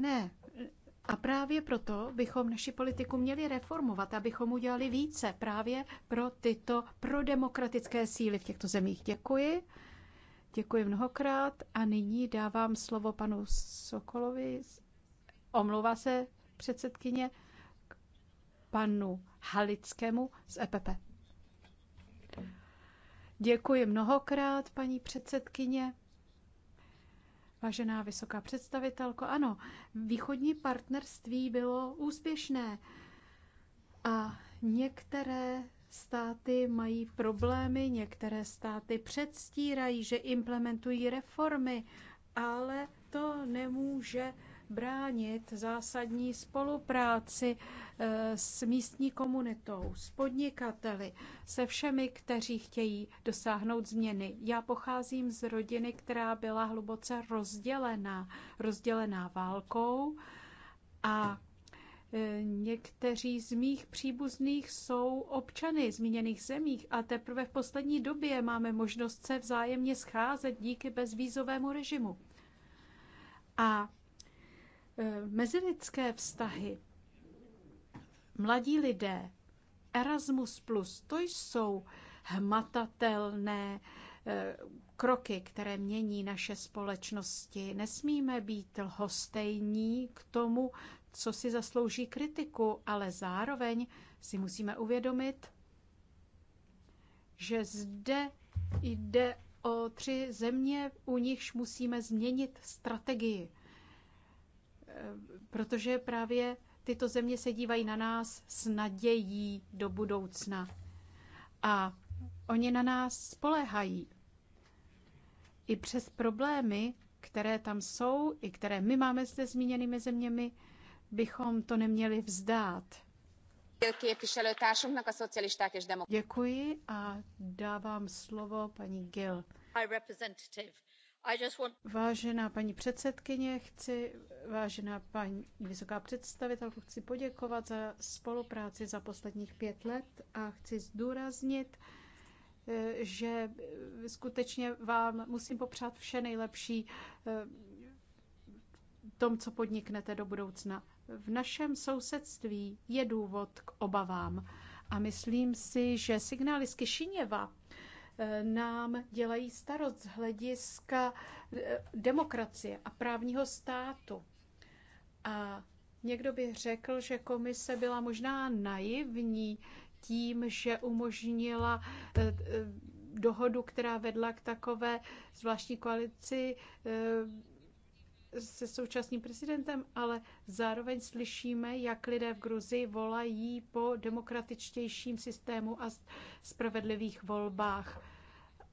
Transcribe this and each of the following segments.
Ne. A právě proto bychom naši politiku měli reformovat, abychom udělali více právě pro tyto prodemokratické síly v těchto zemích. Děkuji. Děkuji mnohokrát a nyní dávám slovo panu Sokolovi. Omlouvá se předsedkyně panu Halickému z EPP. Děkuji mnohokrát, paní předsedkyně. Vážená vysoká představitelko, ano, východní partnerství bylo úspěšné a některé státy mají problémy, některé státy předstírají, že implementují reformy, ale to nemůže bránit zásadní spolupráci eh, s místní komunitou, s podnikateli, se všemi, kteří chtějí dosáhnout změny. Já pocházím z rodiny, která byla hluboce rozdělená, rozdělená válkou a eh, Někteří z mých příbuzných jsou občany zmíněných zemích a teprve v poslední době máme možnost se vzájemně scházet díky bezvízovému režimu. A Eh, mezilidské vztahy, mladí lidé, Erasmus+, plus, to jsou hmatatelné eh, kroky, které mění naše společnosti. Nesmíme být lhostejní k tomu, co si zaslouží kritiku, ale zároveň si musíme uvědomit, že zde jde o tři země, u nichž musíme změnit strategii. Eh, protože právě tyto země se dívají na nás s nadějí do budoucna. A oni na nás spoléhají. I přes problémy, které tam jsou, i které my máme zde zmíněnými zeměmi, bychom to neměli vzdát. Děkuji a dávám slovo paní Gill. Vážená paní předsedkyně, chci, vážená paní vysoká představitelko, chci poděkovat za spolupráci za posledních pět let a chci zdůraznit, eh, že skutečně vám musím popřát vše nejlepší eh, tom, co podniknete do budoucna. V našem sousedství je důvod k obavám. A myslím si, že signály z Kišiněva Eh, nám dělají starost z hlediska eh, demokracie a právního státu. A někdo by řekl, že komise byla možná naivní tím, že umožnila eh, dohodu, která vedla k takové zvláštní koalici se současným prezidentem, ale zároveň slyšíme, jak lidé v Gruzii volají po demokratičtějším systému a spravedlivých volbách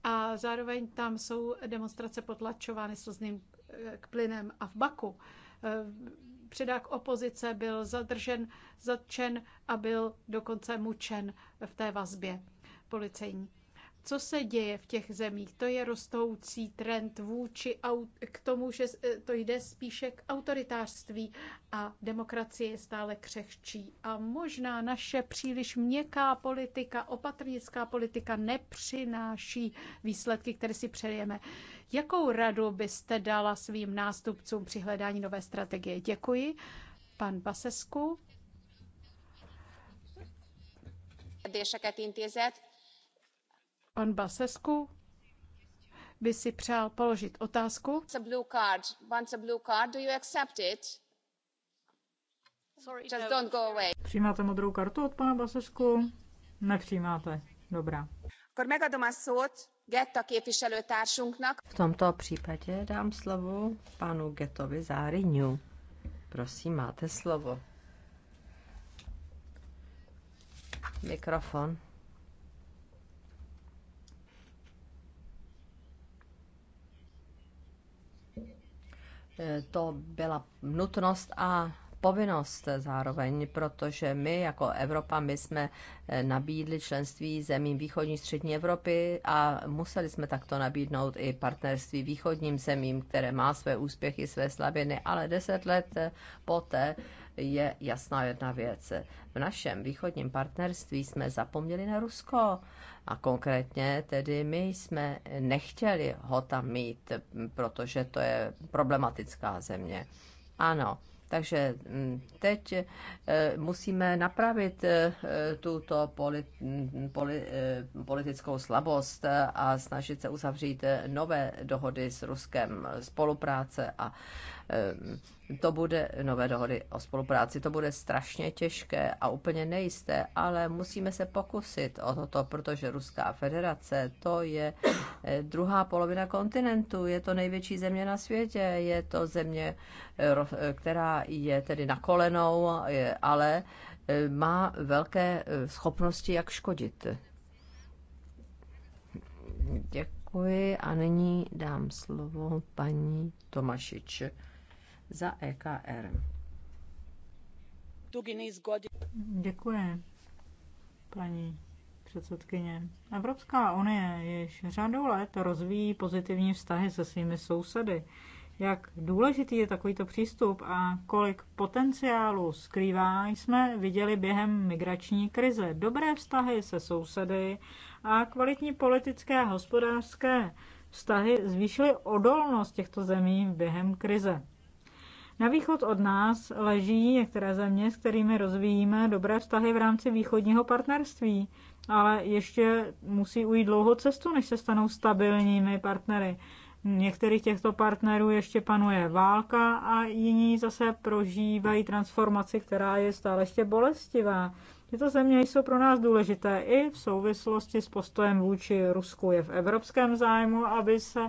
a zároveň tam jsou demonstrace potlačovány slzným eh, plynem a v Baku. Eh, předák opozice byl zadržen, zatčen a byl dokonce mučen v té vazbě policejní co se děje v těch zemích. To je rostoucí trend vůči k tomu, že e, to jde spíše k autoritářství a demokracie je stále křehčí. A možná naše příliš měkká politika, opatrnická politika nepřináší výsledky, které si přejeme. Jakou radu byste dala svým nástupcům při hledání nové strategie? Děkuji. Pan Basesku. Pan Basescu by si přál položit otázku. It's a blue card. Once a blue card. Do you accept it? Sorry, Just no. don't go away. Přijímáte modrou kartu od pana Basesku? Nepřijímáte. Dobrá. Akkor megadom a szót Getta képviselőtársunknak. V tomto případě dám slovo panu Getovi Záriňu. Prosím, máte slovo. Mikrofon. to byla nutnost a povinnost zároveň, protože my jako Evropa, my jsme eh, nabídli členství zemím východní střední Evropy a museli jsme takto nabídnout i partnerství východním zemím, které má své úspěchy, své slabiny, ale deset let eh, poté, je jasná jedna věc. V našem východním partnerství jsme zapomněli na Rusko a konkrétně tedy my jsme nechtěli ho tam mít, protože to je problematická země. Ano, takže mm, teď eh, musíme napravit eh, tuto mm, eh, politickou slabost a snažit se uzavřít nové dohody s Ruskem, spolupráce a Ehm, to bude, nové dohody o spolupráci, to bude strašně těžké a úplně nejisté, ale musíme se pokusit o toto, protože Ruská federace, to je eh, druhá polovina kontinentu, je to největší země na světě, je to země, eh, eh, která je tedy na kolenou, ale má velké schopnosti, jak škodit. Děkuji a nyní dám slovo paní Tomašič za EKR. Děkuji, paní předsedkyně. Evropská unie již řadu let rozvíjí pozitivní vztahy se svými sousedy. Jak důležitý je takovýto přístup a kolik potenciálu skrývá, jsme viděli během migrační krize. Dobré vztahy se sousedy a kvalitní politické a hospodářské vztahy zvýšily odolnost těchto zemí během krize. Na východ od nás leží některé země, s kterými rozvíjíme dobré vztahy v rámci východního partnerství, ale ještě musí ujít dlouhou cestu, než se stanou stabilními partnery. Některých těchto partnerů ještě panuje válka a jiní zase prožívají transformaci, která je stále ještě bolestivá. Tyto země jsou pro nás důležité i v souvislosti s postojem vůči Rusku. Je v evropském zájmu, aby se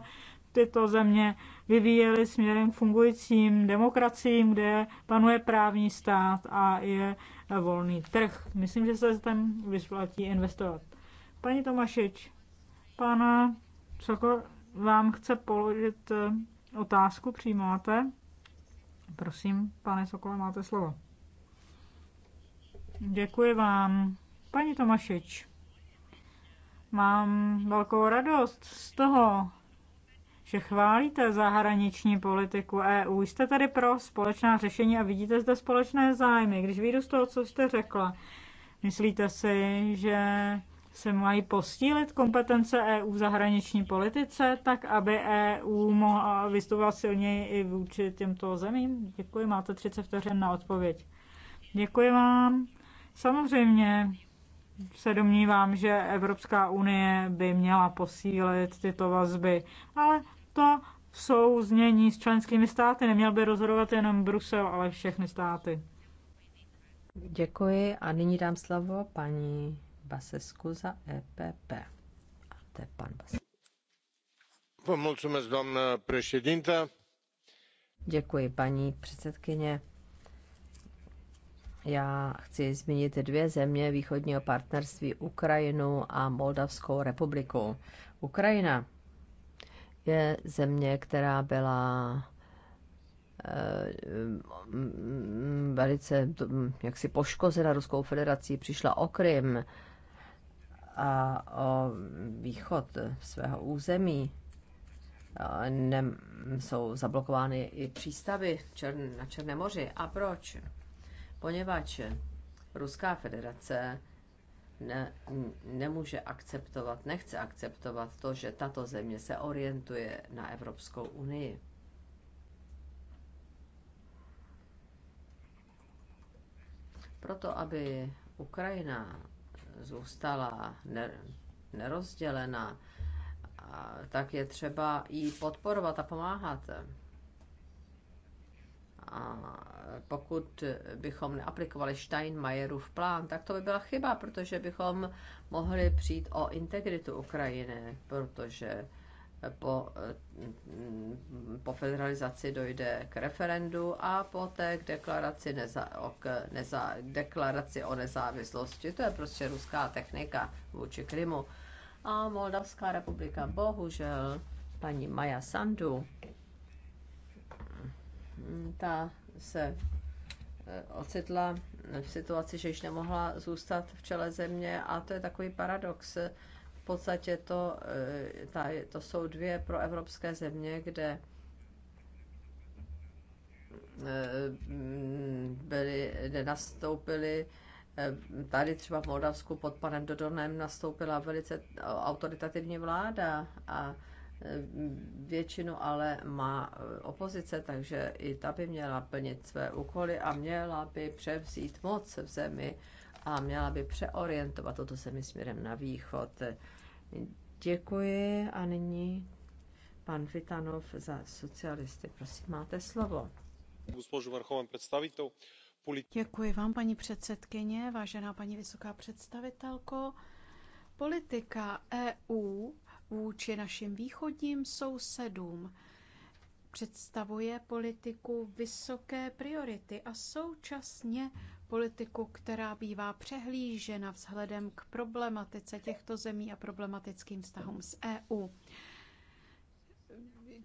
tyto země vyvíjely směrem k fungujícím demokraciím, kde panuje právní stát a je volný trh. Myslím, že se tam vysplatí investovat. Paní Tomašič, pana Sokol vám chce položit eh, otázku, přijímáte? Prosím, pane Sokole, máte slovo. Děkuji vám. Paní Tomašič, mám velkou radost z toho, že chválíte zahraniční politiku EU. Jste tady pro společná řešení a vidíte zde společné zájmy. Když vyjdu z toho, co jste řekla, myslíte si, že se mají postílit kompetence EU v zahraniční politice, tak aby EU mohla vystupovat silněji i vůči těmto zemím? Děkuji, máte 30 vteřin na odpověď. Děkuji vám. Samozřejmě se domnívám, že Evropská unie by měla posílit tyto vazby, ale to v souznění s členskými státy. Neměl by rozhodovat jenom Brusel, ale všechny státy. Děkuji a nyní dám slovo paní Basesku za EPP. A to je pan Basesku. Děkuji, paní předsedkyně. Já chci zmínit dvě země východního partnerství, Ukrajinu a Moldavskou republiku. Ukrajina je země, která byla eh, velice jaksi poškozena Ruskou federací, přišla o Krym a o východ svého území. Ne, jsou zablokovány i přístavy na Černém moři. A proč? Poněvadž Ruská federace ne, nemůže akceptovat, nechce akceptovat to, že tato země se orientuje na Evropskou unii. Proto, aby Ukrajina zůstala nerozdělena, tak je třeba jí podporovat a pomáhat. A pokud bychom neaplikovali Steinmeierův plán, tak to by byla chyba, protože bychom mohli přijít o integritu Ukrajiny, protože po, po federalizaci dojde k referendu a poté k deklaraci, neza, o, k neza, deklaraci o nezávislosti. To je prostě ruská technika vůči Krymu. A Moldavská republika, bohužel, paní Maja Sandu, Mm, ta se eh, ocitla v situaci, že již nemohla zůstat v čele země a to je takový paradox. V podstatě to, eh, ta, to jsou dvě proevropské země, kde eh, byly, kde nastoupily. tady třeba v Moldavsku pod panem Dodonem nastoupila velice autoritativní vláda a většinu ale má eh, opozice, takže i ta by měla plnit své úkoly a měla by převzít moc v zemi a měla by přeorientovat toto zemi směrem na východ. Děkuji a nyní pan Vitanov za socialisty. Prosím, máte slovo. Děkuji vám, paní předsedkyně, vážená paní vysoká představitelko. Politika EU vůči našim východním sousedům. Představuje politiku vysoké priority a současně politiku, která bývá přehlížena vzhledem k problematice těchto zemí a problematickým vztahům s EU.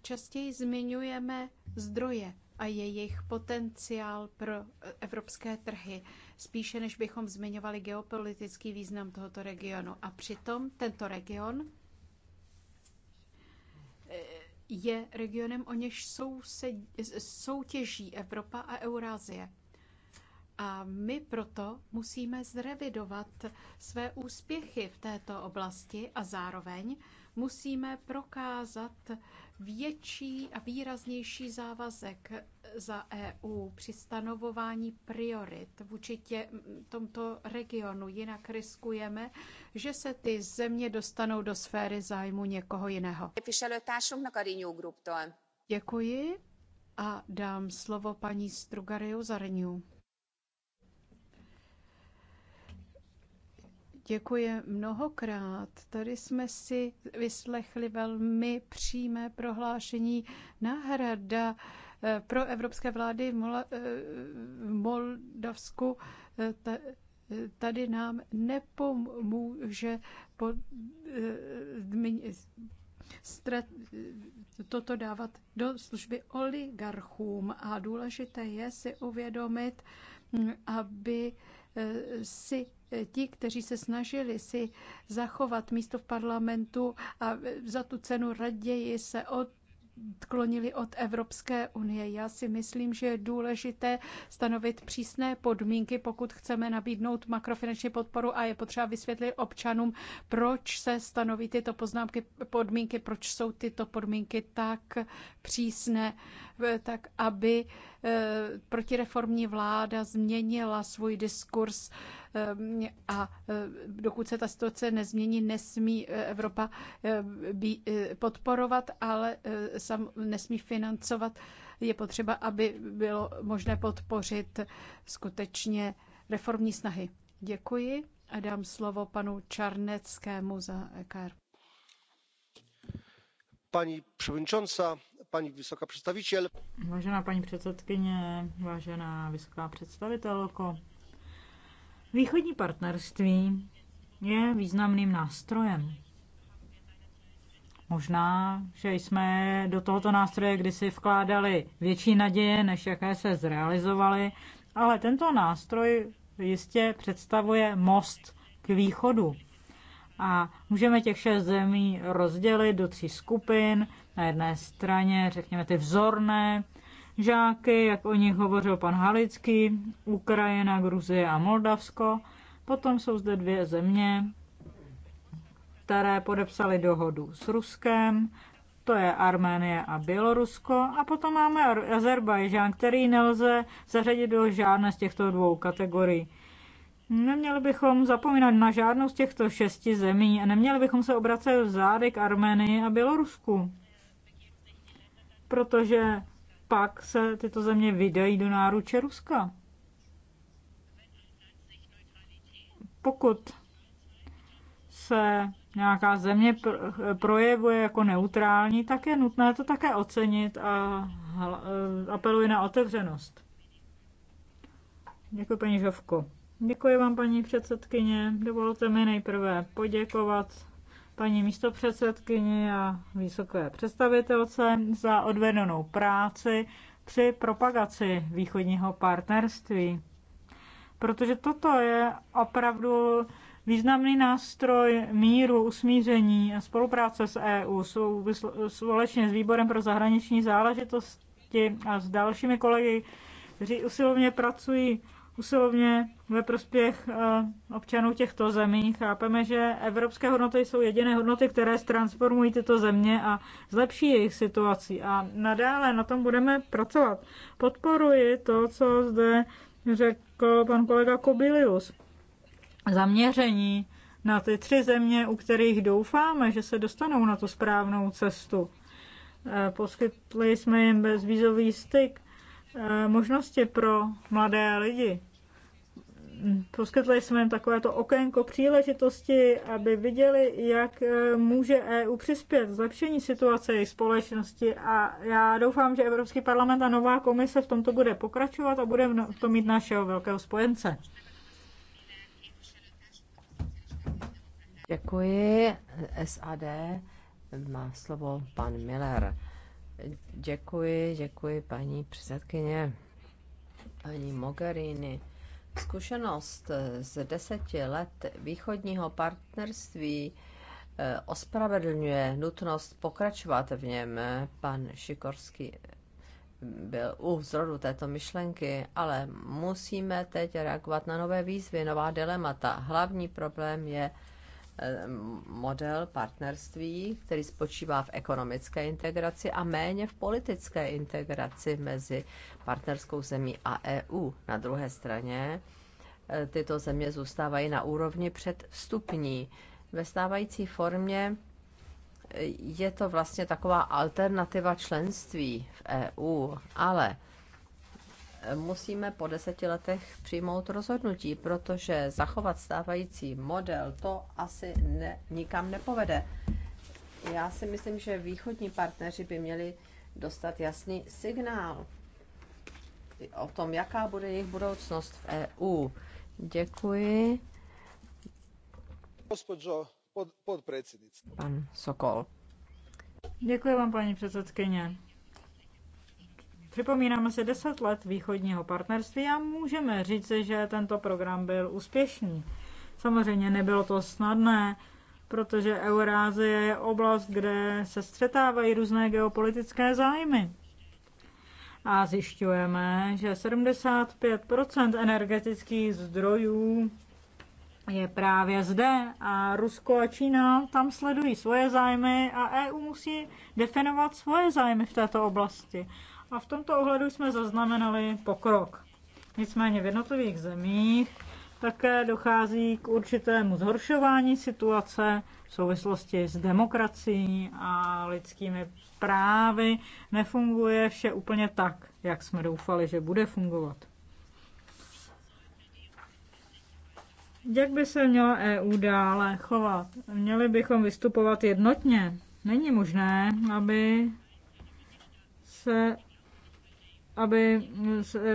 Častěji zmiňujeme zdroje a jejich potenciál pro evropské trhy, spíše než bychom zmiňovali geopolitický význam tohoto regionu. A přitom tento region je regionem, o něž soutěží Evropa a Eurázie. A my proto musíme zrevidovat své úspěchy v této oblasti a zároveň musíme prokázat větší a výraznější závazek za EU při stanovování priorit vůči tě, tomto regionu. Jinak riskujeme, že se ty země dostanou do sféry zájmu někoho jiného. Děkuji a dám slovo paní Strugariu z Renew. Děkuji mnohokrát. Tady jsme si vyslechli velmi přímé prohlášení náhrada eh, pro evropské vlády v eh, Moldavsku. Eh, tady nám nepomůže toto dávat do služby oligarchům. A důležité je si uvědomit, mm, aby si ti, kteří se snažili si zachovat místo v parlamentu a za tu cenu raději se od odklonili od Evropské unie. Já si myslím, že je důležité stanovit přísné podmínky, pokud chceme nabídnout makrofinanční podporu a je potřeba vysvětlit občanům, proč se stanoví tyto poznámky, podmínky, proč jsou tyto podmínky tak přísné. Eh, tak aby eh, protireformní vláda změnila svůj diskurs eh, a dokud se ta situace nezmění, nesmí Evropa podporovat, ale sam nesmí financovat. Je potřeba, aby bylo možné podpořit skutečně reformní snahy. Děkuji a dám slovo panu Čarneckému za EKR paní předsedající paní vysoká představitel. vážená paní předsedkyně vážená vysoká představitelko východní partnerství je významným nástrojem. Možná, že jsme do tohoto nástroje kdysi vkládali větší naděje, než jaké se zrealizovaly, ale tento nástroj jistě představuje most k východu a můžeme těch šest zemí rozdělit do tří skupin. Na jedné straně, řekněme, ty vzorné žáky, jak o nich hovořil pan Halický, Ukrajina, Gruzie a Moldavsko. Potom jsou zde dvě země, které podepsaly dohodu s Ruskem, to je Arménie a Bělorusko. A potom máme Azerbajžán, který nelze zařadit do žádné z těchto dvou kategorií. Neměli bychom zapomínat na žádnou z těchto šesti zemí a neměli bychom se obracet v zády k Armenii a Bělorusku, protože pak se tyto země vydají do náruče Ruska. Pokud se nějaká země projevuje jako neutrální, tak je nutné to také ocenit a apeluji na otevřenost. Děkuji, paní Žovko. Děkuji vám, paní předsedkyně. Dovolte mi nejprve poděkovat paní místopředsedkyni a vysoké představitelce za odvedenou práci při propagaci východního partnerství. Protože toto je opravdu významný nástroj míru, usmíření a spolupráce s EU společně s Výborem pro zahraniční záležitosti a s dalšími kolegy, kteří usilovně pracují usilovně ve prospěch eh, občanů těchto zemí. Chápeme, že evropské hodnoty jsou jediné hodnoty, které transformují tyto země a zlepší jejich situaci. A nadále na tom budeme pracovat. Podporuji to, co zde řekl pan kolega Kobilius. Zaměření na ty tři země, u kterých doufáme, že se dostanou na tu správnou cestu. Eh, poskytli jsme jim bezvízový styk Eh, možnosti pro mladé lidi. Poskytli jsme jim takovéto okénko příležitosti, aby viděli, jak eh, může EU přispět zlepšení situace jejich společnosti a já doufám, že Evropský parlament a nová komise v tomto bude pokračovat a bude v no-, tom mít našeho velkého spojence. Děkuji. SAD má slovo pan Miller. Děkuji, děkuji paní předsedkyně, paní Mogherini. Zkušenost z deseti let východního partnerství eh, ospravedlňuje nutnost pokračovat v něm. Pan Šikorský byl u zrodu této myšlenky, ale musíme teď reagovat na nové výzvy, nová dilemata. Hlavní problém je Eh, model partnerství, který spočívá v ekonomické integraci a méně v politické integraci mezi partnerskou zemí a EU. Na druhé straně eh, tyto země zůstávají na úrovni předvstupní. Ve stávající formě eh, je to vlastně taková alternativa členství v EU, ale musíme po deseti letech přijmout rozhodnutí, protože zachovat stávající model to asi ne, nikam nepovede. Já si myslím, že východní partneři by měli dostat jasný signál o tom, jaká bude jejich budoucnost v EU. Děkuji. pod, podpredsednice. Pan Sokol. Děkuji vám, paní předsedkyně. Připomínáme si 10 let východního partnerství a můžeme říct, že tento program byl úspěšný. Samozřejmě nebylo to snadné, protože Eurázie je oblast, kde se střetávají různé geopolitické zájmy. A zjišťujeme, že 75 energetických zdrojů je právě zde a Rusko a Čína tam sledují svoje zájmy a EU musí definovat svoje zájmy v této oblasti a v tomto ohledu jsme zaznamenali pokrok. Nicméně v jednotlivých zemích také dochází k určitému zhoršování situace v souvislosti s demokracií a lidskými právy. Nefunguje vše úplně tak, jak jsme doufali, že bude fungovat. Jak by se měla EU dále chovat? Měli bychom vystupovat jednotně. Není možné, aby se aby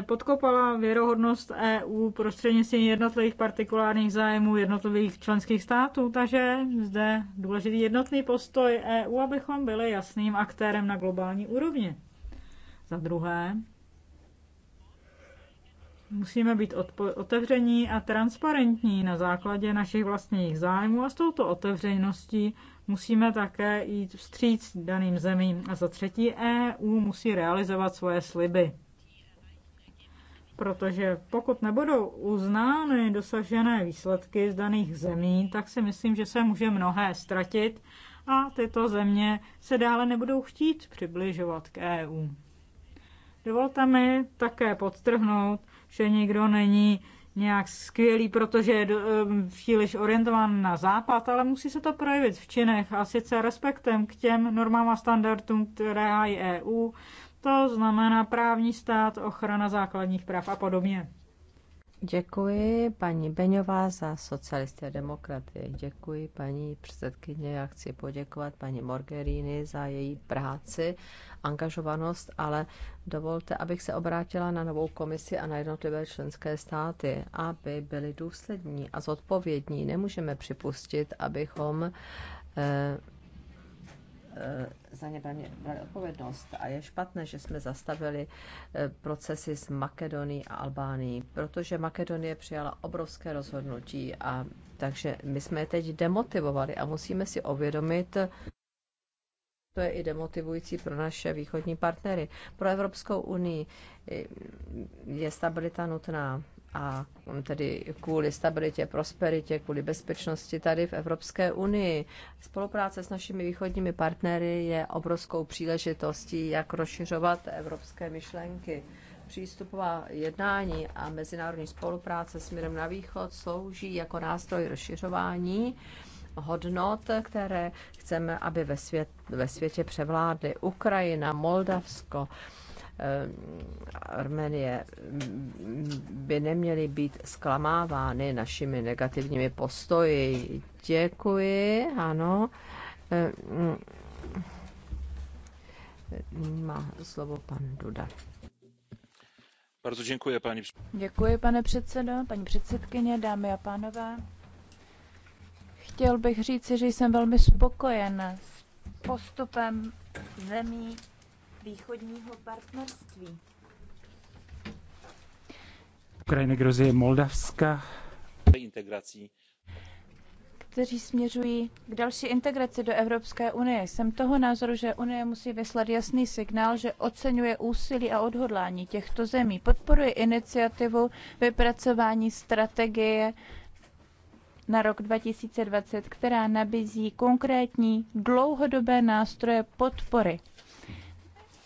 podkopala věrohodnost EU prostřednictvím jednotlivých partikulárních zájmů jednotlivých členských států. Takže zde důležitý jednotný postoj EU, abychom byli jasným aktérem na globální úrovni. Za druhé, musíme být otevření a transparentní na základě našich vlastních zájmů a s touto otevřeností Musíme také jít vstříc daným zemím. A za třetí, EU musí realizovat svoje sliby. Protože pokud nebudou uznány dosažené výsledky z daných zemí, tak si myslím, že se může mnohé ztratit a tyto země se dále nebudou chtít přibližovat k EU. Dovolte mi také podtrhnout, že nikdo není nějak skvělý, protože je um, příliš orientován na západ, ale musí se to projevit v činech a sice respektem k těm normám a standardům, které hájí EU, to znamená právní stát, ochrana základních práv a podobně. Děkuji paní Beňová za socialisty a demokraty. Děkuji paní předsedkyně. Já chci poděkovat paní Morgerini za její práci, angažovanost, ale dovolte, abych se obrátila na novou komisi a na jednotlivé členské státy, aby byli důslední a zodpovědní. Nemůžeme připustit, abychom eh, Eh, za ně brali odpovědnost. A je špatné, že jsme zastavili eh, procesy s Makedonií a Albánií, protože Makedonie přijala obrovské rozhodnutí a takže my jsme je teď demotivovali a musíme si uvědomit, to je i demotivující pro naše východní partnery. Pro Evropskou unii eh, je stabilita nutná a tedy kvůli stabilitě, prosperitě, kvůli bezpečnosti tady v Evropské unii. Spolupráce s našimi východními partnery je obrovskou příležitostí, jak rozšiřovat evropské myšlenky. Přístupová jednání a mezinárodní spolupráce směrem na východ slouží jako nástroj rozšiřování hodnot, které chceme, aby ve, svět, ve světě převládly. Ukrajina, Moldavsko, Eh, Arménie by neměly být zklamávány našimi negativními postoji. Děkuji, ano. Eh, má slovo pan Duda. Bardzo děkuji, paní. Děkuji, pane předsedo, paní předsedkyně, dámy a pánové. Chtěl bych říci, že jsem velmi spokojen s postupem zemí východního partnerství. Ukrajina, Gruzie, Moldavska. Integrací. Kteří směřují k další integraci do Evropské unie. Jsem toho názoru, že Unie musí vyslat jasný signál, že oceňuje úsilí a odhodlání těchto zemí. Podporuje iniciativu vypracování strategie na rok 2020, která nabízí konkrétní dlouhodobé nástroje podpory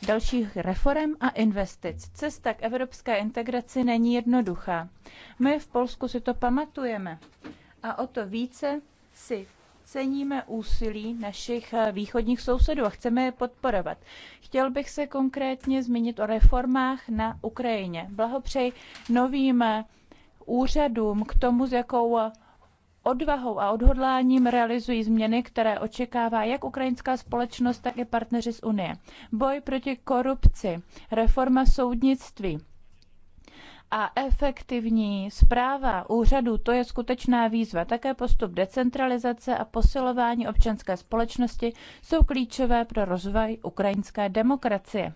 dalších reform a investic. Cesta k evropské integraci není jednoduchá. My v Polsku si to pamatujeme a o to více si ceníme úsilí našich eh, východních sousedů a chceme je podporovat. Chtěl bych se konkrétně zmínit o reformách na Ukrajině. Blahopřeji novým eh, úřadům k tomu, s jakou eh, odvahou a odhodláním realizují změny, které očekává jak ukrajinská společnost, tak i partneři z Unie. Boj proti korupci, reforma soudnictví, a efektivní správa úřadů, to je skutečná výzva. Také postup decentralizace a posilování občanské společnosti jsou klíčové pro rozvoj ukrajinské demokracie.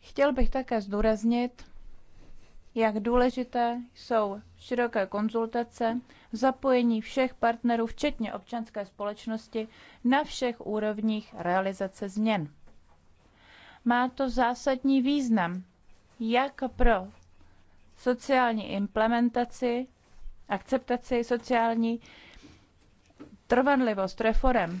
Chtěl bych také zdůraznit, jak důležité jsou široké konzultace, zapojení všech partnerů, včetně občanské společnosti, na všech úrovních realizace změn. Má to zásadní význam jak pro sociální implementaci, akceptaci sociální trvanlivost reform,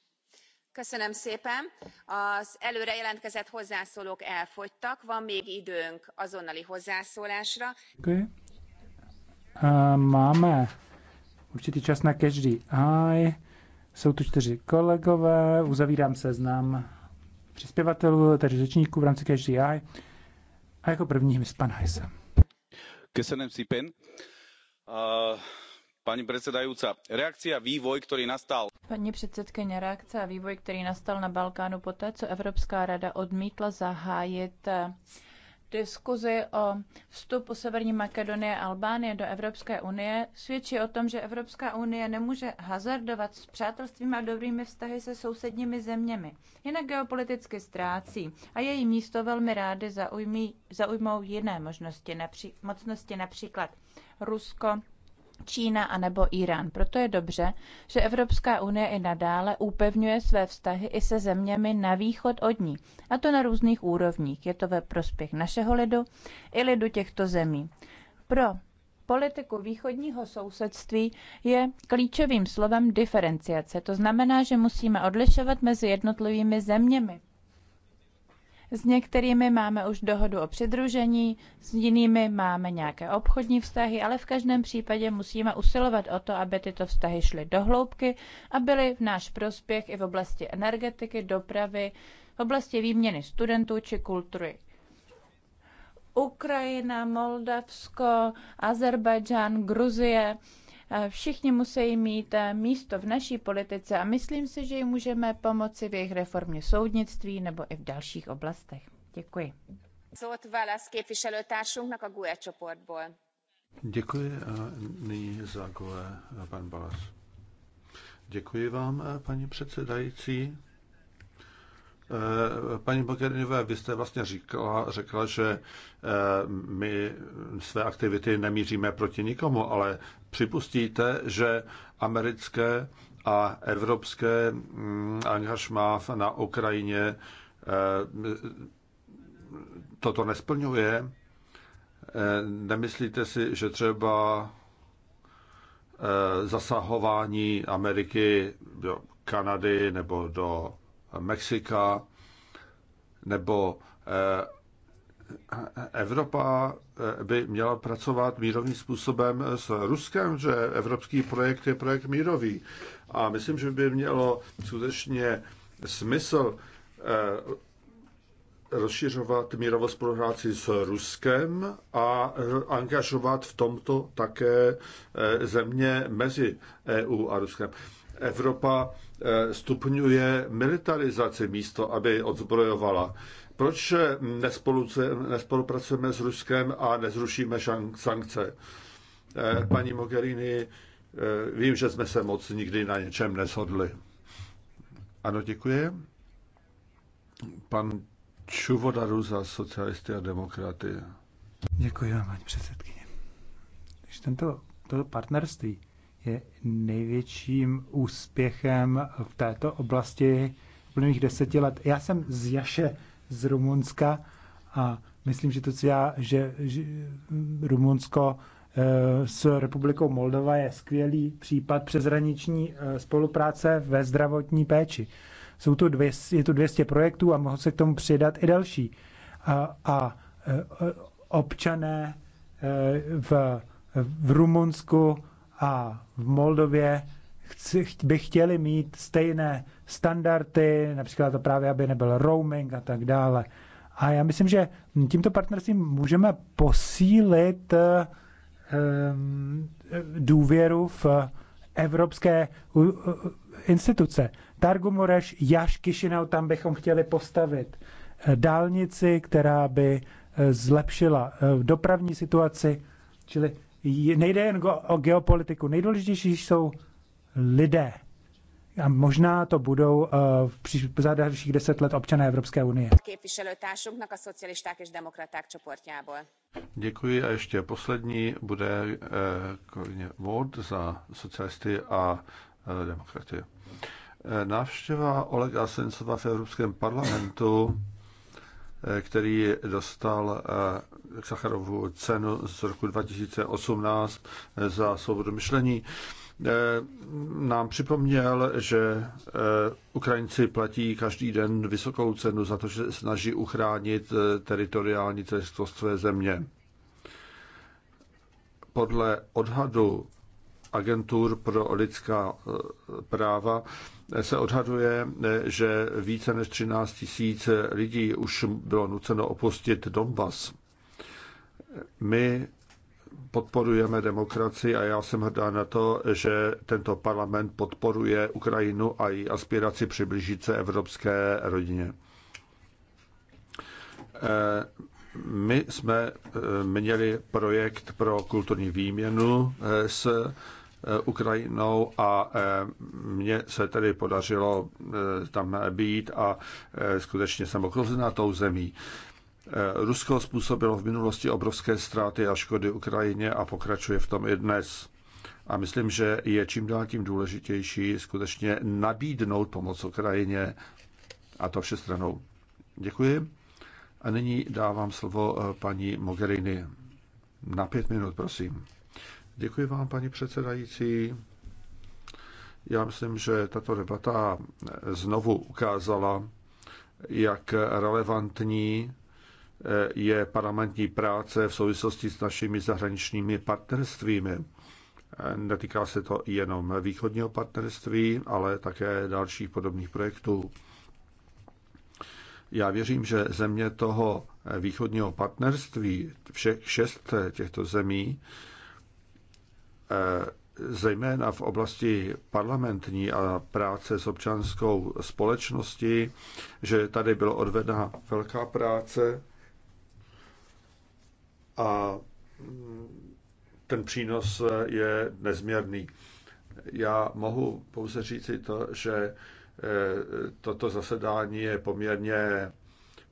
paní předsedající az előre jelentkezett hozzászólók elfogytak van még időnk azonnali hozzászólásra. máme určitý čas na každý aj. Jsou tu čtyři kolegové, uzavírám seznam přispěvatelů, tedy řečníků v rámci každý aj. A jako první mi pan Děkuji. Köszönöm szépen. Uh paní předsedající reakce a vývoj který nastal. paní předsedkyně reakce a vývoj který nastal na balkánu poté co evropská rada odmítla zahájit eh, diskuzi o vstupu Severní Makedonie a Albánie do Evropské unie svědčí o tom, že Evropská unie nemůže hazardovat s přátelstvím a dobrými vztahy se sousedními zeměmi. Jinak geopoliticky ztrácí a její místo velmi rády zaujmí, zaujmou jiné možnosti, napří, mocnosti, například Rusko, Čína anebo Irán. Proto je dobře, že Evropská unie i nadále upevňuje své vztahy i se zeměmi na východ od ní, a to na různých úrovních. Je to ve prospěch našeho lidu i lidu těchto zemí. Pro politiku východního sousedství je klíčovým slovem diferenciace. To znamená, že musíme odlišovat mezi jednotlivými zeměmi s některými máme už dohodu o přidružení, s jinými máme nějaké obchodní vztahy, ale v každém případě musíme usilovat o to, aby tyto vztahy šly do hloubky a byly v náš prospěch i v oblasti energetiky, dopravy, v oblasti výměny studentů či kultury. Ukrajina, Moldavsko, Azerbajdžán, Gruzie Všichni musí mít eh, místo v naší politice a myslím si, že jim můžeme pomoci v jejich reformě soudnictví nebo i v dalších oblastech. Děkuji. Děkuji a nyní za GUE pan Balas. Děkuji vám, eh, paní předsedající. Eh, paní Mogherinové, vy jste vlastně říkala, řekla, že my své aktivity nemíříme proti nikomu, ale Připustíte, že americké a evropské mm, angažmá na Ukrajině eh, toto nesplňuje? Eh, nemyslíte si, že třeba eh, zasahování Ameriky do Kanady nebo do Mexika nebo Evropa eh, by měla pracovat mírovým způsobem s Ruskem, že evropský projekt je projekt mírový. A myslím, že by mělo skutečně smysl eh, rozšiřovat mírovou spolupráci s Ruskem a angažovat v tomto také eh, země mezi EU a Ruskem. Evropa stupňuje militarizaci místo, aby odzbrojovala. Proč nespolupracujeme s Ruskem a nezrušíme sankce? Eh, paní Mogherini, eh, vím, že jsme se moc nikdy na něčem neshodli. Ano, děkuji. Pan Čuvodaru za socialisty a demokraty. Děkuji vám, paní předsedkyně. Když tento, toto partnerství je největším úspěchem v této oblasti plných deseti let. Já jsem z Jaše z Rumunska a myslím, že to, co já, že, že Rumunsko eh, s Republikou Moldova je skvělý případ přezraniční eh, spolupráce ve zdravotní péči. Jsou to 200, je to 200 projektů a mohou se k tomu přidat i další. A, a eh, občané v, v Rumunsku a v Moldově by chtěli mít stejné standardy, například to právě, aby nebyl roaming a tak dále. A já myslím, že tímto partnerstvím můžeme posílit ehm, důvěru v evropské instituce. Targu Moreš, Jaš Kišinau, tam bychom chtěli postavit eh, dálnici, která by eh, zlepšila eh, dopravní situaci, čili nejde jen o geopolitiku. Nejdůležitější jsou lidé. A možná to budou uh, eh, za dalších deset let občané Evropské unie. Děkuji a ještě poslední bude uh, eh, vod Ward za socialisty a uh, demokraty. Návštěva Olega Sencova v Evropském parlamentu, který dostal Sacharovu cenu z roku 2018 za svobodu myšlení, Eh, nám připomněl, že eh, Ukrajinci platí každý den vysokou cenu za to, že snaží uchránit eh, teritoriální celistvost své země. Podle odhadu agentur pro lidská práva se odhaduje, že více než 13 tisíc lidí už bylo nuceno opustit Donbas. My podporujeme demokracii a já jsem hrdá na to, že tento parlament podporuje Ukrajinu a její aspiraci přiblížit se evropské rodině. Eh, my jsme eh, měli projekt pro kulturní výměnu eh, s Ukrajinou a mně se tedy podařilo tam být a skutečně jsem ochozená tou zemí. Eh, Rusko způsobilo v minulosti obrovské ztráty a škody Ukrajině a pokračuje v tom i dnes. A myslím, že je čím dál tím důležitější skutečně nabídnout pomoc Ukrajině a to všestranou. Děkuji. A nyní dávám slovo eh, paní Mogherini. Na pět minut, prosím. Děkuji vám, paní předsedající. Já myslím, že tato debata eh, znovu ukázala, jak relevantní je parlamentní práce v souvislosti s našimi zahraničními partnerstvími. Netýká se to jenom východního partnerství, ale také dalších podobných projektů. Já věřím, že země toho východního partnerství, všech šest těchto zemí, zejména v oblasti parlamentní a práce s občanskou společností, že tady byla odvedena velká práce a mm, ten přínos je nezměrný. Já mohu pouze říci to, že e, toto zasedání je poměrně,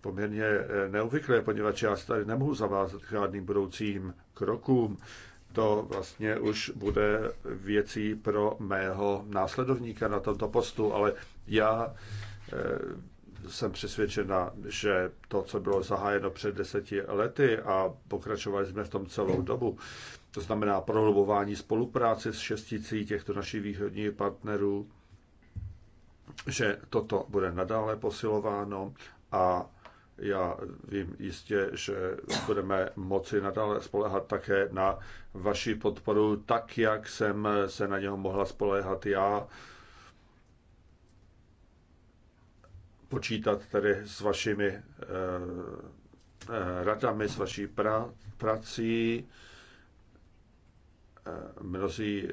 poměrně e, neobvyklé, poněvadž já se tady nemohu zavázat k žádným budoucím krokům. To vlastně už bude věcí pro mého následovníka na tomto postu, ale já e, jsem přesvědčena, že to, co bylo zahájeno před deseti lety a pokračovali jsme v tom celou dobu, to znamená prohlubování spolupráce s šesticí těchto našich východních partnerů, že toto bude nadále posilováno a já vím jistě, že budeme moci nadále spolehat také na vaši podporu, tak jak jsem se na něho mohla spolehat já počítat tedy s vašimi eh, eh, radami, s vaší pra, prací. Eh, mnozí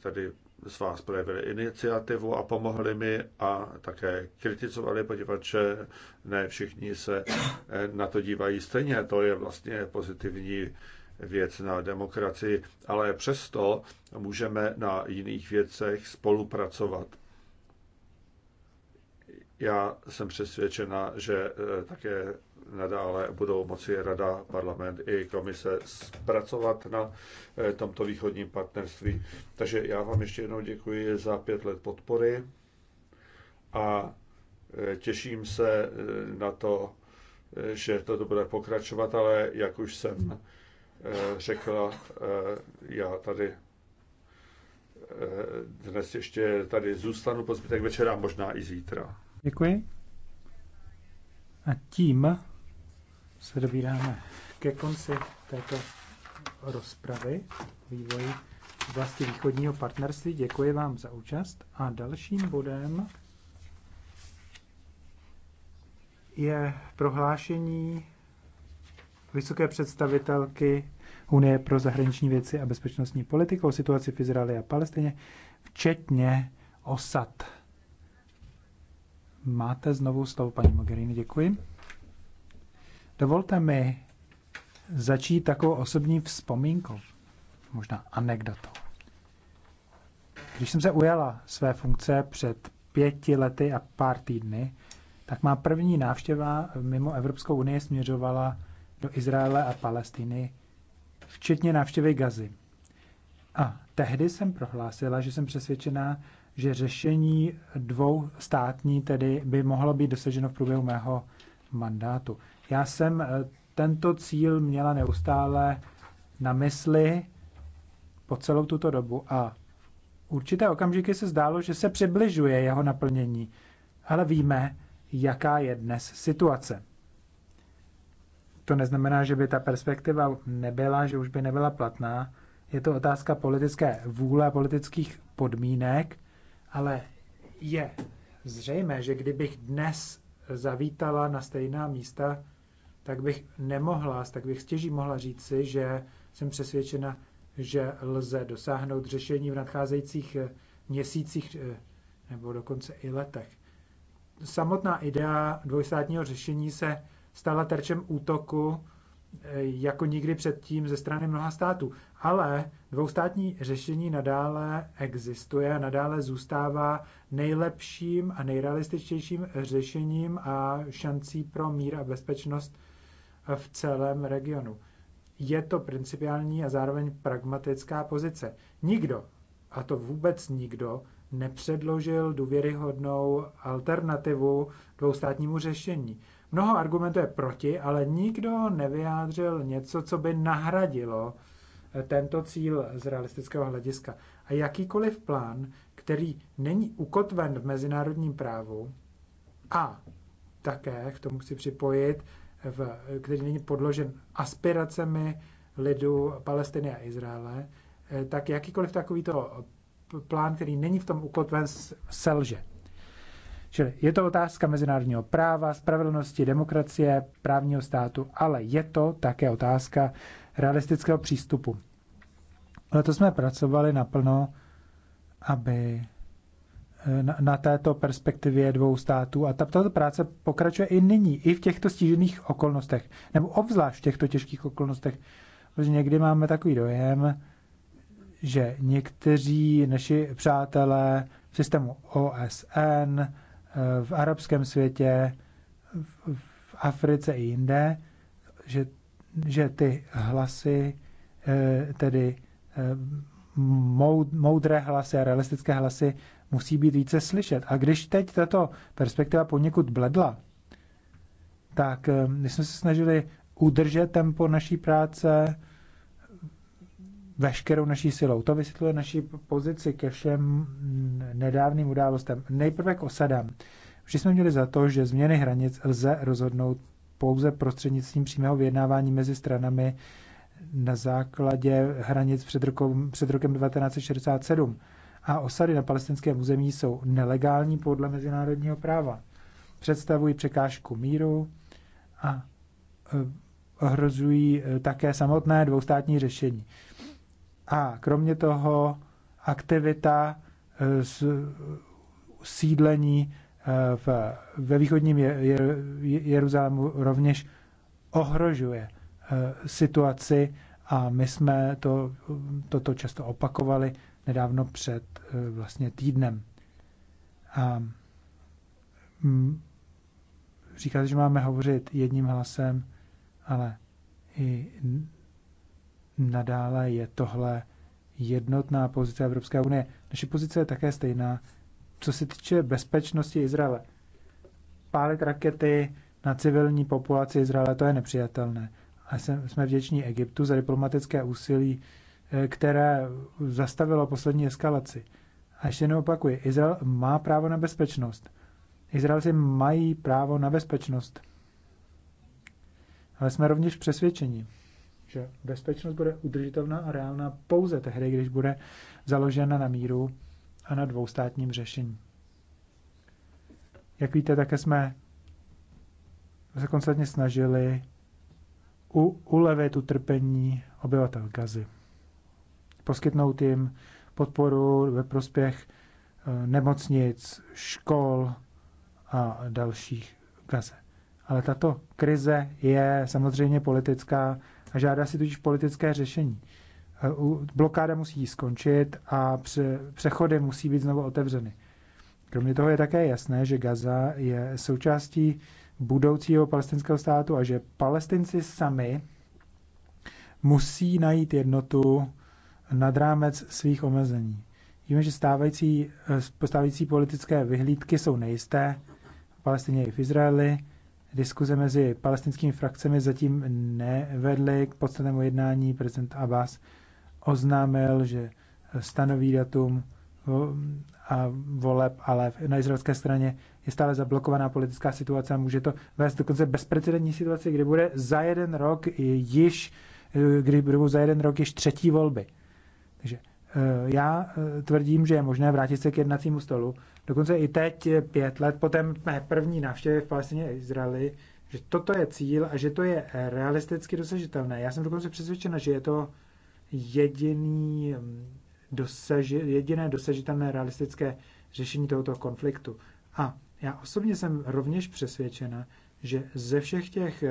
tady z vás projevili iniciativu a pomohli mi a také kritizovali, že ne všichni se na to dívají stejně. To je vlastně pozitivní věc na demokracii, ale přesto můžeme na jiných věcech spolupracovat. Já jsem přesvědčena, že eh, také nadále budou moci Rada, parlament i komise zpracovat na eh, tomto východním partnerství. Takže já vám ještě jednou děkuji za pět let podpory a eh, těším se na to, že to bude pokračovat, ale jak už jsem řekla, já tady dnes ještě tady zůstanu po zbytek večera, možná i zítra. Děkuji. A tím se dobíráme ke konci této rozpravy vývoji oblasti východního partnerství. Děkuji vám za účast a dalším bodem je prohlášení vysoké představitelky Unie pro zahraniční věci a bezpečnostní politiku o situaci v Izraeli a Palestině, včetně osad. Máte znovu slovo, paní Mogherini, děkuji. Dovolte mi začít takovou osobní vzpomínkou, možná anekdotou. Když jsem se ujala své funkce před pěti lety a pár týdny, tak má první návštěva mimo Evropskou unii směřovala do Izraele a Palestiny, včetně návštěvy Gazy. A tehdy jsem prohlásila, že jsem přesvědčená, že řešení dvou státní tedy by mohlo být dosaženo v průběhu mého mandátu. Já jsem eh, tento cíl měla neustále na mysli po celou tuto dobu a v určité okamžiky se zdálo, že se přibližuje jeho naplnění, ale víme, jaká je dnes situace. To neznamená, že by ta perspektiva nebyla, že už by nebyla platná. Je to otázka politické vůle a politických podmínek ale je zřejmé, že kdybych dnes zavítala na stejná místa, tak bych nemohla, tak bych stěží mohla si, že jsem přesvědčena, že lze dosáhnout řešení v nadcházejících eh, měsících eh, nebo dokonce i letech. Samotná idea dvojstátního řešení se stala terčem útoku Eh, jako nikdy předtím ze strany mnoha států. Ale dvoustátní řešení nadále existuje a nadále zůstává nejlepším a nejrealističtějším řešením a šancí pro mír a bezpečnost v celém regionu. Je to principiální a zároveň pragmatická pozice. Nikdo, a to vůbec nikdo, nepředložil důvěryhodnou alternativu dvoustátnímu řešení. Mnoho argumentů je proti, ale nikdo nevyjádřil něco, co by nahradilo eh, tento cíl z realistického hlediska. A jakýkoliv plán, který není ukotven v mezinárodním právu a také, k tomu chci připojit, v, který není podložen aspiracemi lidu Palestiny a Izraele, eh, tak jakýkoliv takovýto plán, který není v tom ukotven, selže. Čili je to otázka mezinárodního práva, spravedlnosti, demokracie, právního státu, ale je to také otázka realistického přístupu. Letos jsme pracovali naplno, aby eh, na, na této perspektivě dvou států a tato práce pokračuje i nyní, i v těchto stížených okolnostech, nebo obzvlášť v těchto těžkých okolnostech, protože někdy máme takový dojem, že někteří naši přátelé v systému OSN v arabském světě, v Africe i jinde, že, že ty hlasy, eh, tedy eh, moudré hlasy a realistické hlasy, musí být více slyšet. A když teď tato perspektiva poněkud bledla, tak eh, my jsme se snažili udržet tempo naší práce, veškerou naší silou. To vysvětluje naší pozici ke všem nedávným událostem. Nejprve k osadám. Vždy jsme měli za to, že změny hranic lze rozhodnout pouze prostřednictvím přímého vyjednávání mezi stranami na základě hranic před rokem, před rokem 1967. A osady na palestinském území jsou nelegální podle mezinárodního práva. Představují překážku míru a eh, ohrožují eh, také samotné dvoustátní řešení. A kromě toho aktivita eh, z sídlení eh, v, ve východním Jeruzalému rovněž ohrožuje eh, situaci a my jsme to, toto často opakovali nedávno před vlastně týdnem. A mm, říkáte, že máme hovořit jedním hlasem, ale i nadále je tohle jednotná pozice Evropské unie. Naše pozice je také stejná, co se týče bezpečnosti Izraele. Pálit rakety na civilní populaci Izraele, to je nepřijatelné. A jsme vděční Egyptu za diplomatické úsilí, eh, které zastavilo poslední eskalaci. A ještě jednou opakuji, Izrael má právo na bezpečnost. Izraelci mají právo na bezpečnost. Ale jsme rovněž přesvědčeni, že bezpečnost bude udržitelná a reálná pouze tehdy, když bude založena na míru a na dvoustátním řešení. Jak víte, také jsme se konstantně snažili u, ulevit utrpení obyvatel Gazy. Poskytnout jim podporu ve prospěch eh, nemocnic, škol a dalších Gaze. Ale tato krize je samozřejmě politická a žádá si tudíž politické řešení. E, blokáda musí skončit a přechody musí být znovu otevřeny. Kromě toho je také jasné, že Gaza je součástí budoucího palestinského státu a že palestinci sami musí najít jednotu nad rámec svých omezení. Víme, že stávající, e, stávající politické vyhlídky jsou nejisté v Palestině i v Izraeli Diskuze mezi palestinskými frakcemi zatím nevedly k podstatnému jednání. Prezident Abbas oznámil, že stanoví datum a voleb, ale na izraelské straně je stále zablokovaná politická situace a může to vést dokonce bezprecedentní situaci, kdy bude za jeden rok již, eh, kdy budou za jeden rok již třetí volby. Takže Eh, já eh, tvrdím, že je možné vrátit se k jednacímu stolu. Dokonce i teď, eh, pět let po té mé první návštěvě v Palestině a Izraeli, že toto je cíl a že to je realisticky dosažitelné. Já jsem dokonce přesvědčena, že je to jediný mm, dosaži, jediné dosažitelné realistické řešení tohoto konfliktu. A já osobně jsem rovněž přesvědčena, že ze všech těch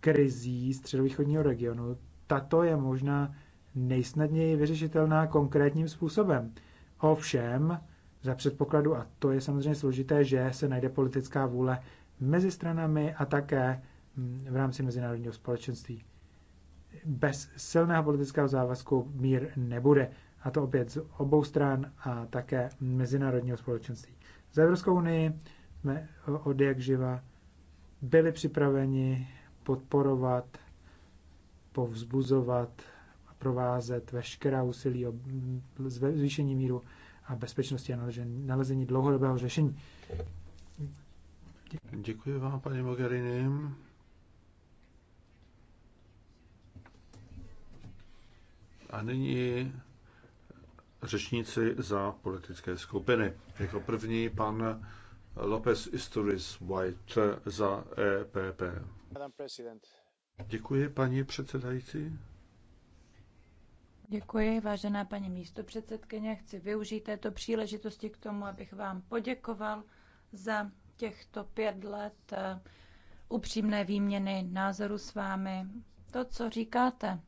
krizí středovýchodního regionu tato je možná nejsnadněji vyřešitelná konkrétním způsobem. Ovšem, za předpokladu, a to je samozřejmě složité, že se najde politická vůle mezi stranami a také mm, v rámci mezinárodního společenství. Bez silného politického závazku mír nebude. A to opět z obou stran a také mezinárodního společenství. Za Evropskou unii jsme od jak živa byli připraveni podporovat, povzbuzovat provázet veškerá úsilí o zvýšení míru a bezpečnosti a nalezení dlouhodobého řešení. Děkuji, Děkuji vám, paní Mogherini. A nyní řečníci za politické skupiny. Jako první pan López Isturiz White za EPP. Děkuji, paní předsedající. Děkuji, vážená paní místopředsedkyně. Chci využít této příležitosti k tomu, abych vám poděkoval za těchto pět let eh, upřímné výměny názoru s vámi. To, co říkáte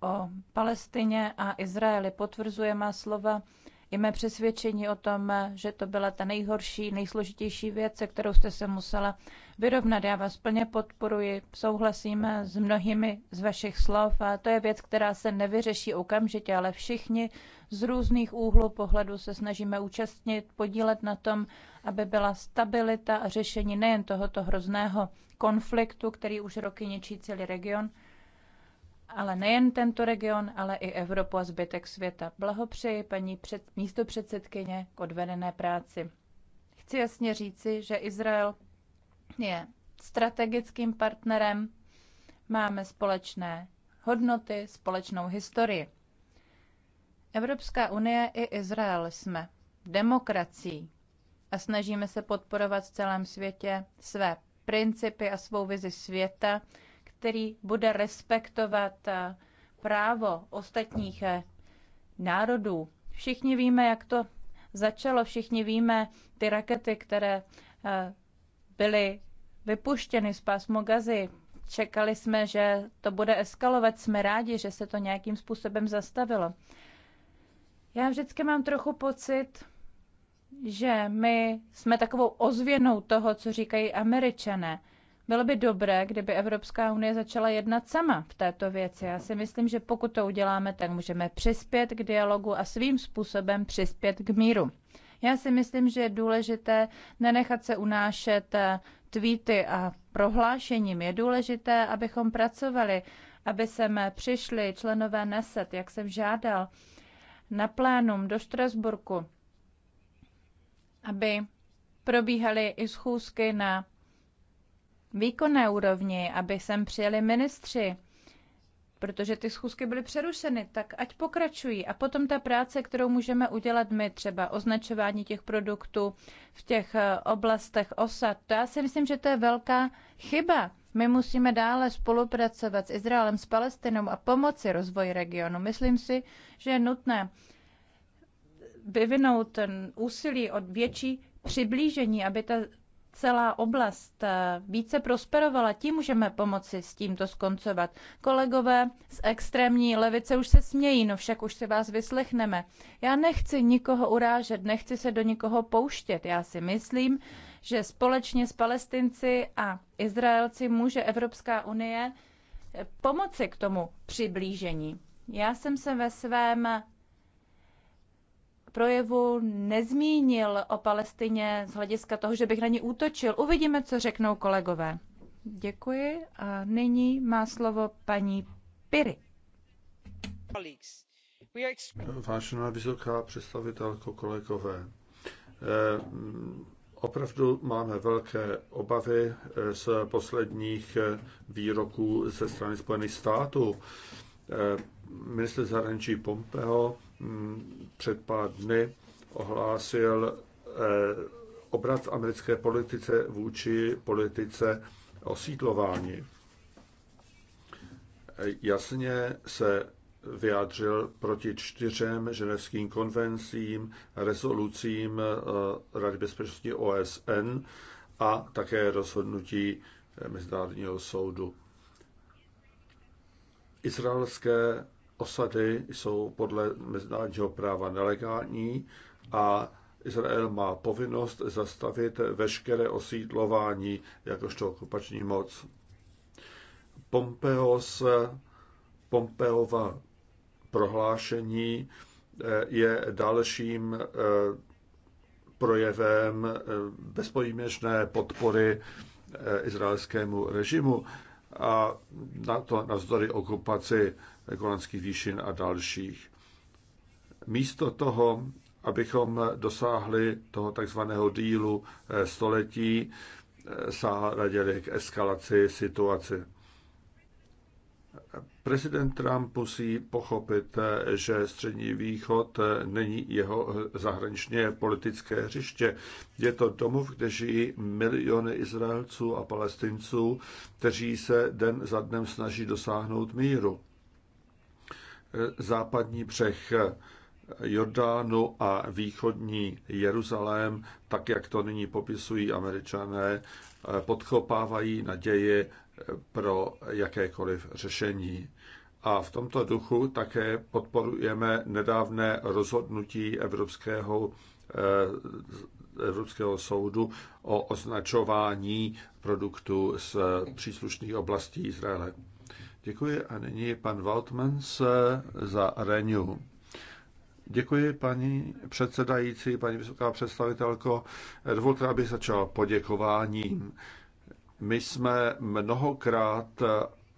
o Palestině a Izraeli, potvrzuje má slova, i mé přesvědčení o tom, že to byla ta nejhorší, nejsložitější věc, se kterou jste se musela vyrovnat. Já vás plně podporuji, souhlasím s mnohými z vašich slov a to je věc, která se nevyřeší okamžitě, ale všichni z různých úhlů pohledu se snažíme účastnit, podílet na tom, aby byla stabilita a řešení nejen tohoto hrozného konfliktu, který už roky ničí celý region, ale nejen tento region, ale i Evropu a zbytek světa. Blahopřeji paní před, místo předsedkyně k odvedené práci. Chci jasně říci, že Izrael je strategickým partnerem, máme společné hodnoty, společnou historii. Evropská unie i Izrael jsme demokracií a snažíme se podporovat v celém světě své principy a svou vizi světa, který bude respektovat eh, právo ostatních eh, národů. Všichni víme, jak to začalo, všichni víme ty rakety, které eh, byly vypuštěny z pásmo gazy. Čekali jsme, že to bude eskalovat, jsme rádi, že se to nějakým způsobem zastavilo. Já vždycky mám trochu pocit, že my jsme takovou ozvěnou toho, co říkají američané. Bylo by dobré, kdyby Evropská unie začala jednat sama v této věci. Já si myslím, že pokud to uděláme, tak můžeme přispět k dialogu a svým způsobem přispět k míru. Já si myslím, že je důležité nenechat se unášet eh, tweety a prohlášením. Je důležité, abychom pracovali, aby sem přišli členové NESET, jak jsem žádal, na plénum do Štrasburku, aby probíhaly i schůzky na výkonné úrovni, aby sem přijeli ministři, protože ty schůzky byly přerušeny, tak ať pokračují. A potom ta práce, kterou můžeme udělat my, třeba označování těch produktů v těch eh, oblastech osad, to já si myslím, že to je velká chyba. My musíme dále spolupracovat s Izraelem, s Palestinou a pomoci rozvoji regionu. Myslím si, že je nutné vyvinout ten úsilí od větší přiblížení, aby ta celá oblast eh, více prosperovala, tím můžeme pomoci s tímto skoncovat. Kolegové z extrémní levice už se smějí, no však už se vás vyslechneme. Já nechci nikoho urážet, nechci se do nikoho pouštět. Já si myslím, že společně s Palestinci a Izraelci může Evropská unie pomoci k tomu přiblížení. Já jsem se ve svém projevu nezmínil o Palestině z hlediska toho, že bych na ní útočil. Uvidíme, co řeknou kolegové. Děkuji a nyní má slovo paní Piry. Vážená vysoká představitelko kolegové, eh, opravdu máme velké obavy eh, z posledních eh, výroků ze strany Spojených států. Minister zahraničí Pompeo Mm, před pár dny ohlásil eh, obrat v americké politice vůči politice osídlování. Eh, jasně se vyjádřil proti čtyřem ženevským konvencím, rezolucím eh, Rady bezpečnosti OSN a také rozhodnutí Mezinárodního soudu. Izraelské osady jsou podle mezinárodního práva nelegální a Izrael má povinnost zastavit veškeré osídlování jakožto okupační moc. Pompeos, Pompeova prohlášení eh, je dalším eh, projevem eh, bezpojímečné podpory izraelskému režimu a na to navzdory okupaci Golanských výšin a dalších. Místo toho, abychom dosáhli toho takzvaného dílu eh, století, eh, sáhraděli k eskalaci situace. Prezident Trump musí pochopit, eh, že Střední východ není jeho zahraničně politické hřiště. Je to domov, kde žijí miliony Izraelců a Palestinců, kteří se den za dnem snaží dosáhnout míru západní břeh Jordánu a východní Jeruzalém, tak jak to nyní popisují američané, podchopávají naději pro jakékoliv řešení. A v tomto duchu také podporujeme nedávné rozhodnutí Evropského, eh, Evropského soudu o označování produktů z příslušných oblastí Izraele. Děkuji a nyní pan Waltmans eh, za Renew. Děkuji, paní předsedající, paní vysoká představitelko. Dovolte, abych začal poděkováním. My jsme mnohokrát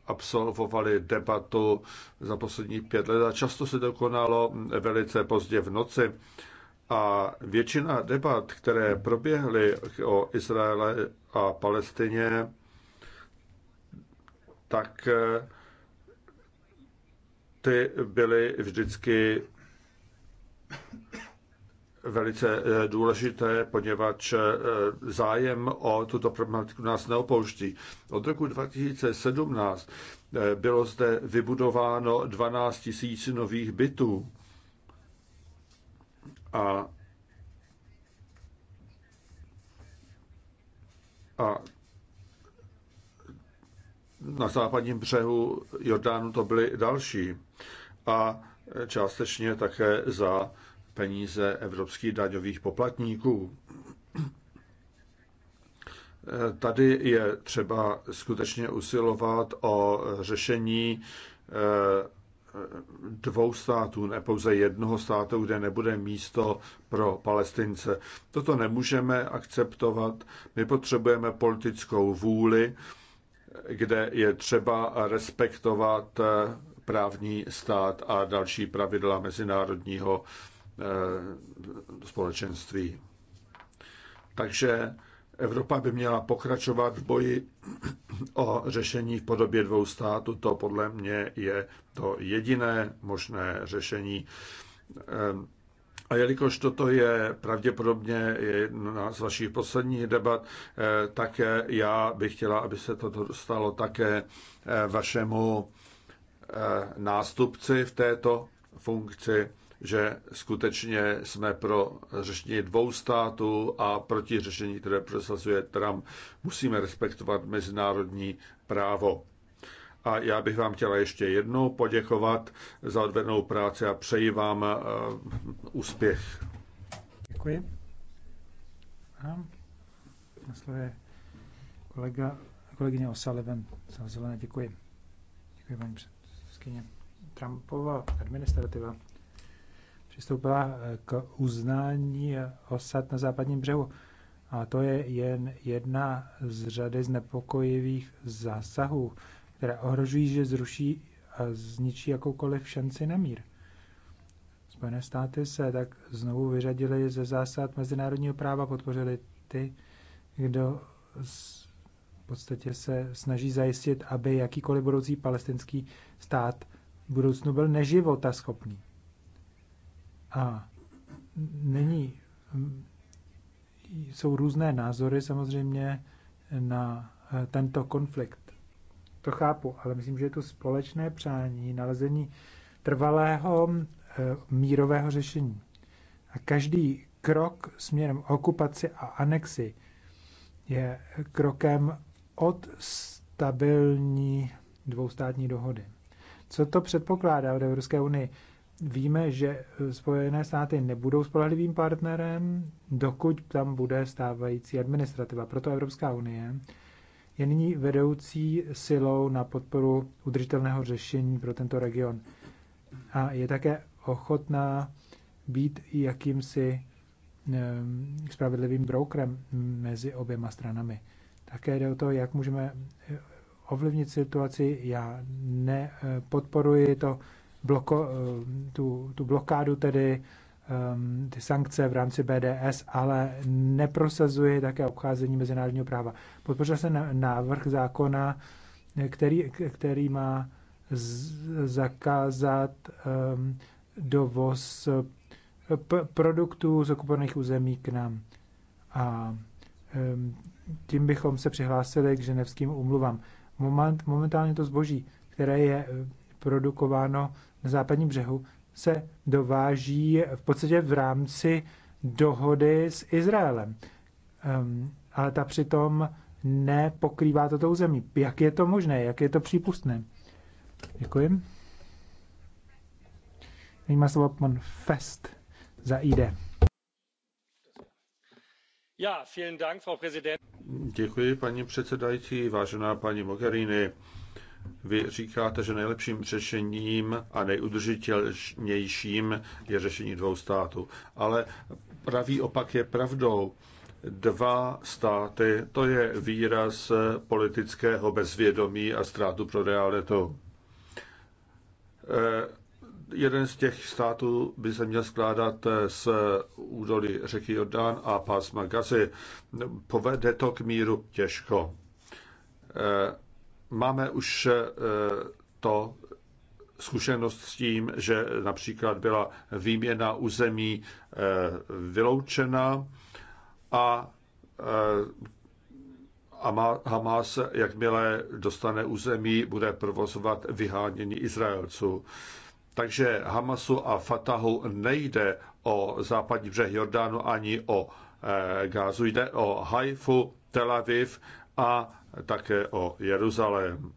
absolvovali debatu za posledních pět let a často se dokonalo velice pozdě v noci. A většina debat, které proběhly o Izraele a Palestině, tak eh, ty byly vždycky velice eh, důležité, poněvadž eh, zájem o tuto problematiku nás neopouští. Od roku 2017 bylo zde vybudováno 12 000 nových bytů a a na západním břehu Jordánu to byly další. A částečně také za peníze evropských daňových poplatníků. Tady je třeba skutečně usilovat o řešení eh, dvou států, ne pouze jednoho státu, kde nebude místo pro Palestince. Toto nemůžeme akceptovat. My potřebujeme politickou vůli, kde je třeba respektovat eh, právní stát a další pravidla mezinárodního eh, společenství. Takže Evropa by měla pokračovat v boji o řešení v podobě dvou států. To podle mě je to jediné možné řešení. Ehm, a jelikož toto je pravděpodobně jedna z vašich posledních debat, eh, tak eh, já bych chtěla, aby se toto dostalo také eh, vašemu nástupci v této funkci, že skutečně jsme pro řešení dvou států a proti řešení, které prosazuje Trump. Musíme respektovat mezinárodní právo. A já bych vám chtěla ještě jednou poděkovat za odvednou práci a přeji vám eh, úspěch. Děkuji. A na kolega, kolegyně O'Sullivan za zelené. Děkuji. Děkuji, paní předsedkyně. Trumpova administrativa přistoupila eh, k uznání osad na západním břehu. A to je jen jedna z řady znepokojivých zásahů které ohrožují, že zruší a zničí jakoukoliv šanci na mír. Spojené státy se tak znovu vyřadily ze zásad mezinárodního práva, podpořili ty, kdo v podstatě se snaží zajistit, aby jakýkoliv budoucí palestinský stát v budoucnu byl neživota schopný. A není, jsou různé názory samozřejmě na eh, tento konflikt to chápu, ale myslím, že je to společné přání nalezení trvalého eh, mírového řešení. A každý krok směrem okupaci a anexi je krokem od stabilní dvoustátní dohody. Co to předpokládá v Evropské unii? Víme, že Spojené státy nebudou spolehlivým partnerem, dokud tam bude stávající administrativa. Proto Evropská unie je nyní vedoucí silou na podporu udržitelného řešení pro tento region. A je také ochotná být jakýmsi spravedlivým brokerem mezi oběma stranami. Také jde o to, jak můžeme eh, ovlivnit situaci. Já nepodporuji eh, to bloko, eh, tu, tu blokádu tedy um, ty sankce v rámci BDS, ale neprosazuje také obcházení mezinárodního práva. Podpořil se návrh zákona, který, který má z, zakázat um, dovoz eh, produktů z okupovaných území k nám. A um, tím bychom se přihlásili k ženevským umluvám. Moment, momentálně to zboží, které je eh, produkováno na západním břehu, se dováží v podstatě v rámci dohody s Izraelem. Um, ale ta přitom nepokrývá toto území. Jak je to možné? Jak je to přípustné? Děkuji. Nyní má slovo pan Fest za ID. Děkuji, paní předsedající, vážená paní Mogherini. Vy říkáte, že nejlepším řešením a nejudržitelnějším je řešení dvou států. Ale pravý opak je pravdou. Dva státy, to je výraz politického bezvědomí a ztrátu pro realitu. Eh, jeden z těch států by se měl skládat z údolí řeky Jordán a pásma Gazy. Povede to k míru těžko eh, Máme už eh, to zkušenost s tím, že například byla výměna území eh, vyloučena a eh, Hamas, jakmile dostane území, bude provozovat vyhánění Izraelců. Takže Hamasu a Fatahu nejde o západní břeh Jordánu ani o Gázu, jde o Haifu, Tel Aviv a také o Jeruzalém.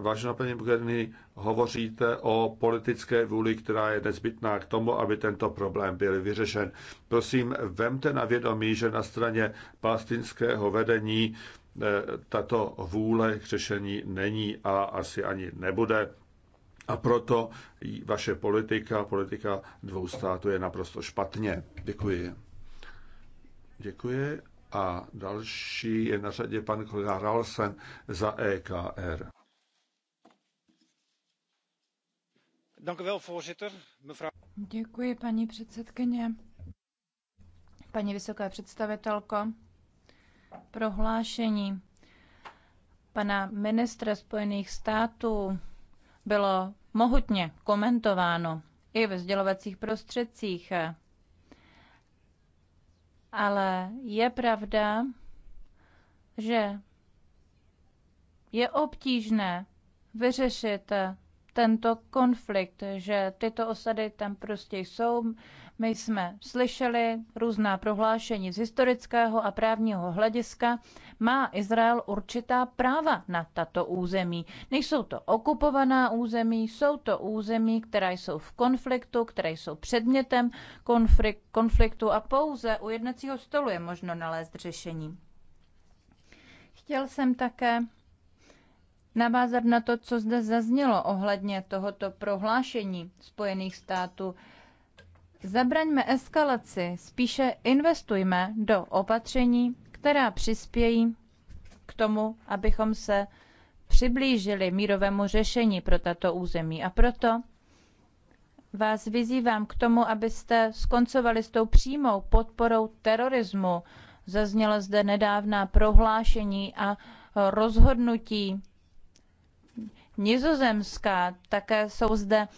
Vážená paní Bukerny, hovoříte o politické vůli, která je nezbytná k tomu, aby tento problém byl vyřešen. Prosím, vemte na vědomí, že na straně palestinského vedení eh, tato vůle k řešení není a asi ani nebude. A proto vaše politika, politika dvou států je naprosto špatně. Děkuji. Děkuji a další je na řadě pan kolega Ralsen za EKR. Děkuji, paní předsedkyně. Paní vysoká představitelko, prohlášení pana ministra Spojených států bylo mohutně komentováno i ve sdělovacích prostředcích ale je pravda, že je obtížné vyřešit tento konflikt, že tyto osady tam prostě jsou. My jsme slyšeli různá prohlášení z historického a právního hlediska. Má Izrael určitá práva na tato území. Nejsou to okupovaná území, jsou to území, která jsou v konfliktu, které jsou předmětem konfliktu a pouze u jednacího stolu je možno nalézt řešení. Chtěl jsem také navázat na to, co zde zaznělo ohledně tohoto prohlášení Spojených států Zabraňme eskalaci, spíše investujme do opatření, která přispějí k tomu, abychom se přiblížili mírovému řešení pro tato území. A proto vás vyzývám k tomu, abyste skoncovali s tou přímou podporou terorismu. Zazněla zde nedávná prohlášení a rozhodnutí Nizozemská. Také jsou zde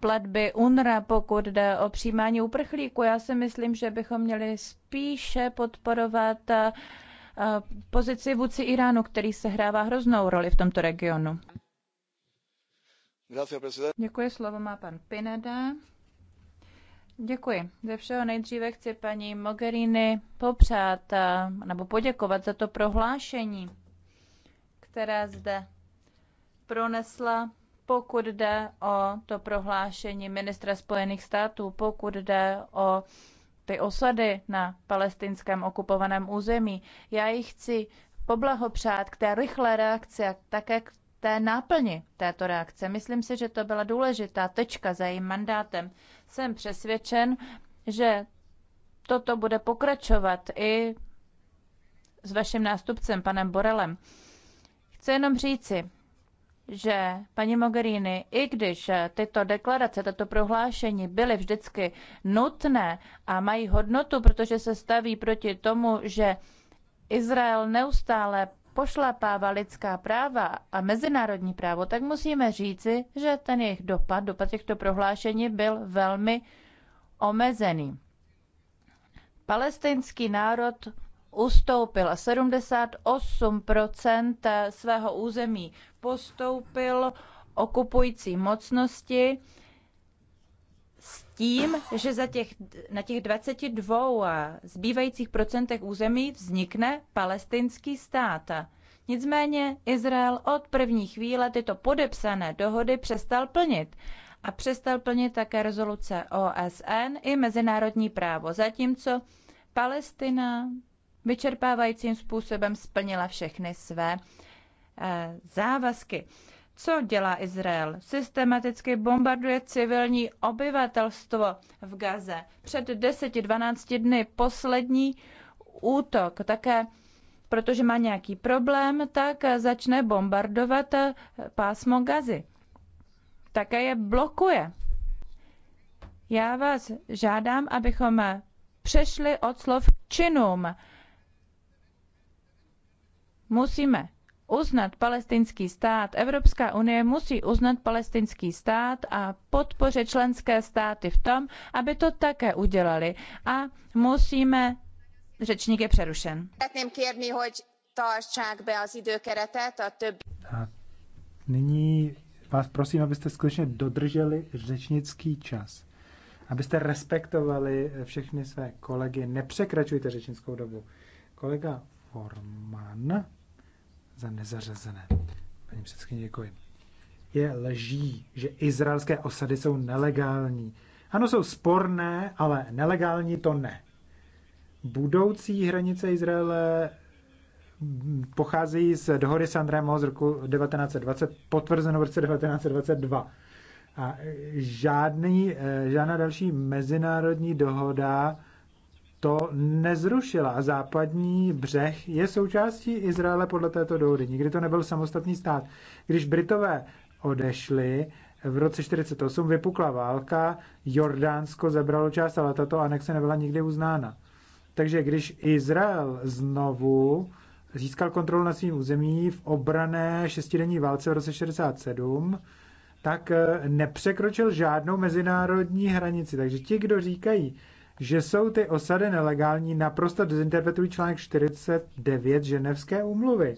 platby UNRA, pokud jde o přijímání uprchlíků. Já si myslím, že bychom měli spíše podporovat eh, pozici vůdci Iránu, který se hrává hroznou roli v tomto regionu. Děkuji, slovo má pan Pineda. Děkuji. Ze všeho nejdříve chci paní Mogherini popřát eh, nebo poděkovat za to prohlášení, které zde pronesla pokud jde o to prohlášení ministra Spojených států, pokud jde o ty osady na palestinském okupovaném území. Já ji chci poblahopřát k té rychlé reakci a také k té náplni této reakce. Myslím si, že to byla důležitá tečka za jejím mandátem. Jsem přesvědčen, že toto bude pokračovat i s vaším nástupcem, panem Borelem. Chci jenom říci, že paní Mogherini, i když tyto deklarace, tato prohlášení byly vždycky nutné a mají hodnotu, protože se staví proti tomu, že Izrael neustále pošlapává lidská práva a mezinárodní právo, tak musíme říci, že ten jejich dopad, dopad těchto prohlášení byl velmi omezený. Palestinský národ ustoupil a 78 svého území postoupil okupující mocnosti s tím, že za těch, na těch 22 zbývajících procentech území vznikne palestinský stát. Nicméně Izrael od první chvíle tyto podepsané dohody přestal plnit a přestal plnit také rezoluce OSN i mezinárodní právo, zatímco Palestina vyčerpávajícím způsobem splnila všechny své eh, závazky. Co dělá Izrael? Systematicky bombarduje civilní obyvatelstvo v Gaze. Před 10-12 dny poslední útok také protože má nějaký problém, tak začne bombardovat eh, pásmo gazy. Také je blokuje. Já vás žádám, abychom eh, přešli od slov činům musíme uznat palestinský stát. Evropská unie musí uznat palestinský stát a podpořit členské státy v tom, aby to také udělali. A musíme. Řečník je přerušen. A nyní vás prosím, abyste skutečně dodrželi řečnický čas. Abyste respektovali všechny své kolegy. Nepřekračujte řečnickou dobu. Kolega Forman za nezařazené. Paní předsedkyně, děkuji. Je leží, že izraelské osady jsou nelegální. Ano, jsou sporné, ale nelegální to ne. Budoucí hranice Izraele pocházejí z dohody s Andrémo z roku 1920, potvrzeno v roce 1922. A žádný, eh, žádná další mezinárodní dohoda to nezrušila a západní břeh je součástí Izraele podle této dohody. Nikdy to nebyl samostatný stát. Když Britové odešli, v roce 1948 vypukla válka, Jordánsko zabralo část, ale tato anexe nebyla nikdy uznána. Takže když Izrael znovu získal kontrolu na svým území v obrané šestidenní válce v roce 67, tak eh, nepřekročil žádnou mezinárodní hranici. Takže ti, kdo říkají, že jsou ty osady nelegální, naprosto dezinterpretují článek 49 Ženevské úmluvy.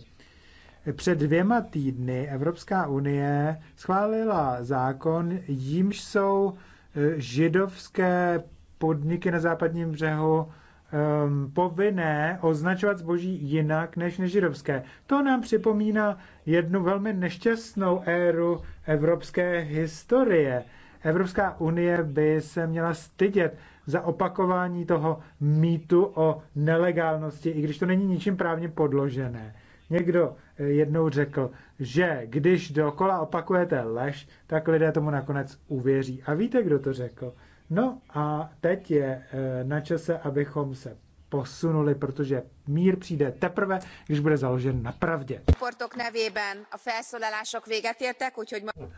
Před dvěma týdny Evropská unie schválila zákon, jímž jsou eh, židovské podniky na západním břehu um, povinné označovat zboží jinak než nežidovské. To nám připomíná jednu velmi nešťastnou éru evropské historie. Evropská unie by se měla stydět za opakování toho mýtu o nelegálnosti, i když to není ničím právně podložené. Někdo eh, jednou řekl, že když dokola opakujete lež, tak lidé tomu nakonec uvěří. A víte, kdo to řekl? No a teď je eh, na čase, abychom se posunuli, protože mír přijde teprve, když bude založen na pravdě.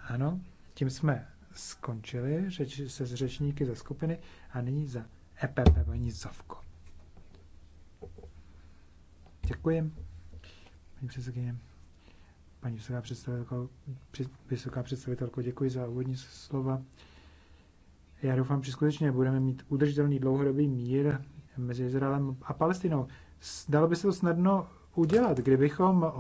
Ano, tím jsme skončili řeč, se z řečníky ze skupiny a nyní za EPP paní Zovko. Děkuji, paní předsedkyně. Paní vysoká představitelko, vysoká představitelko, děkuji za úvodní slova. Já doufám, že skutečně budeme mít udržitelný dlouhodobý mír mezi Izraelem a Palestinou. Dalo by se to snadno udělat, kdybychom